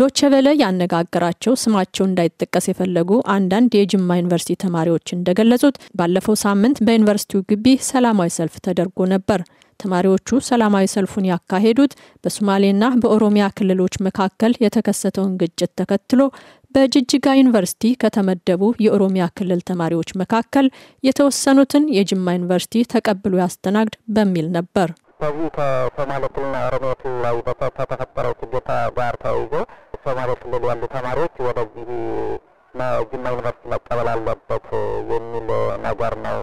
ዶቸቨለ ያነጋገራቸው ስማቸው እንዳይጠቀስ የፈለጉ አንዳንድ የጅማ ዩኒቨርሲቲ ተማሪዎች እንደገለጹት ባለፈው ሳምንት በዩኒቨርሲቲው ግቢ ሰላማዊ ሰልፍ ተደርጎ ነበር። ተማሪዎቹ ሰላማዊ ሰልፉን ያካሄዱት በሶማሌና በኦሮሚያ ክልሎች መካከል የተከሰተውን ግጭት ተከትሎ በጅጅጋ ዩኒቨርሲቲ ከተመደቡ የኦሮሚያ ክልል ተማሪዎች መካከል የተወሰኑትን የጅማ ዩኒቨርሲቲ ተቀብሎ ያስተናግድ በሚል ነበር። ከዚህ ከሶማሌ ክልልና ኦሮሚያ ክልል ላይ በተፈጠረው ጋር ተያይዞ ሶማሌ ክልል ያሉ ተማሪዎች ወደዚህ ጅማ ዩኒቨርሲቲ መቀበል አለበት የሚል ነገር ነው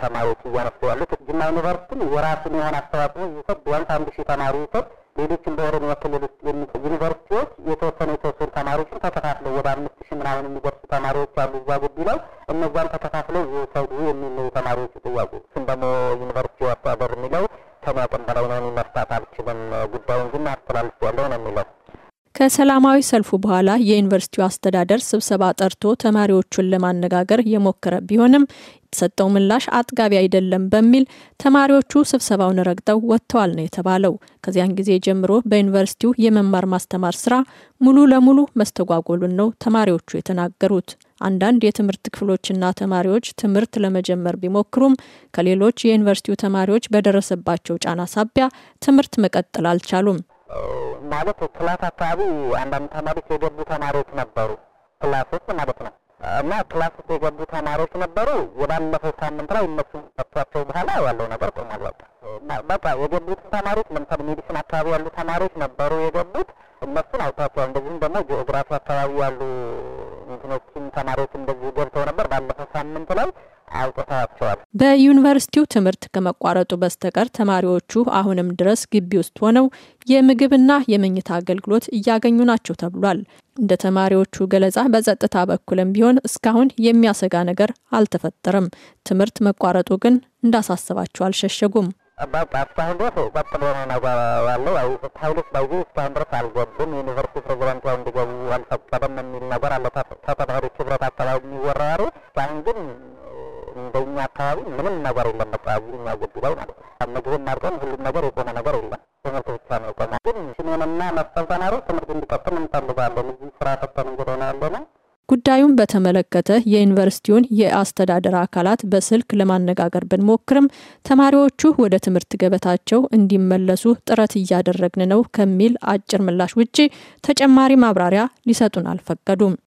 ተማሪዎች እያነሱ ያሉት። ጅማ ዩኒቨርሲቲ የራሱን የሆነ አስተዋጽኦ ይሰጥ፣ ቢያንስ አንድ ሺህ ተማሪ ይሰጥ። ሌሎችም በኦሮሚያ ክልል ውስጥ ዩኒቨርሲቲዎች የተወሰኑ የተወሰኑ ተማሪዎችን ተከታትለው ወደ አምስት ሺህ ምናምን የሚደርሱ ተማሪዎች አሉ እዛ ጉቢ ላይ እነዛን ተከታትለው ይውሰዱ የሚል ተማሪዎቹ ጥያቄ። እሱም ደግሞ ዩኒቨርሲቲ አስተዳደር የሚለው ከሚያውቅም በላይ ነው መፍታት አልችልም፣ ጉዳዩን ግን አስተላልፍ ያለው ነው የሚለው ከሰላማዊ ሰልፉ በኋላ የዩኒቨርሲቲው አስተዳደር ስብሰባ ጠርቶ ተማሪዎቹን ለማነጋገር የሞከረ ቢሆንም የተሰጠው ምላሽ አጥጋቢ አይደለም በሚል ተማሪዎቹ ስብሰባውን ረግጠው ወጥተዋል ነው የተባለው። ከዚያን ጊዜ ጀምሮ በዩኒቨርሲቲው የመማር ማስተማር ስራ ሙሉ ለሙሉ መስተጓጎሉን ነው ተማሪዎቹ የተናገሩት። አንዳንድ የትምህርት ክፍሎችና ተማሪዎች ትምህርት ለመጀመር ቢሞክሩም ከሌሎች የዩኒቨርሲቲው ተማሪዎች በደረሰባቸው ጫና ሳቢያ ትምህርት መቀጠል አልቻሉም። ማለት ክላስ አካባቢ አንዳንድ ተማሪዎች የገቡ ተማሪዎች ነበሩ፣ ክላስ ውስጥ ማለት ነው። እና ክላስ ውስጥ የገቡ ተማሪዎች ነበሩ። የባለፈው ሳምንት ላይ እነሱ ጠቷቸው በኋላ ያለው ነገር ቆሟል። በቃ በቃ የገቡትን ተማሪዎች ለምሳሌ ሜዲሲን አካባቢ ያሉ ተማሪዎች ነበሩ የገቡት፣ እነሱን አውጥቷቸዋል። እንደዚሁም ደግሞ ጂኦግራፊ አካባቢ ያሉ እንትኖችን ተማሪዎች እንደዚህ ገብተው ነበር ባለፈው ሳምንት ላይ አውቅተዋቸዋል። በዩኒቨርሲቲው ትምህርት ከመቋረጡ በስተቀር ተማሪዎቹ አሁንም ድረስ ግቢ ውስጥ ሆነው የምግብና የመኝታ አገልግሎት እያገኙ ናቸው ተብሏል። እንደ ተማሪዎቹ ገለጻ በጸጥታ በኩልም ቢሆን እስካሁን የሚያሰጋ ነገር አልተፈጠረም። ትምህርት መቋረጡ ግን እንዳሳሰባቸው አልሸሸጉም። እስካሁን ድረስ ቀጥሎ ዋለው ሀይሎች ባይዙ እስካሁን ድረስ አልገቡም። ዩኒቨርሲቲ ፕሬዚዳንት እንዲገቡ አልፈቀደም የሚል ነገር አለ። ተተማሪዎች ህብረት አካባቢ የሚወራሩ እስካሁን ግን በእኛ አካባቢ ምንም ነገር የለም። በቃ እኛ ግቢ ላይ ማለት ነው ምግብና አርቀን ሁሉም ነገር የቆመ ነገር የለም። ትምህርት ብቻ ነው የቆመ። ግን ስሜንና መሰል ተማሪዎች ትምህርት እንዲቀጥል እንፈልጋለን። እዚህ ስራ ተተን ጎደና ያለ ነው። ጉዳዩን በተመለከተ የዩኒቨርሲቲውን የአስተዳደር አካላት በስልክ ለማነጋገር ብንሞክርም ተማሪዎቹ ወደ ትምህርት ገበታቸው እንዲመለሱ ጥረት እያደረግን ነው ከሚል አጭር ምላሽ ውጪ ተጨማሪ ማብራሪያ ሊሰጡን አልፈቀዱም።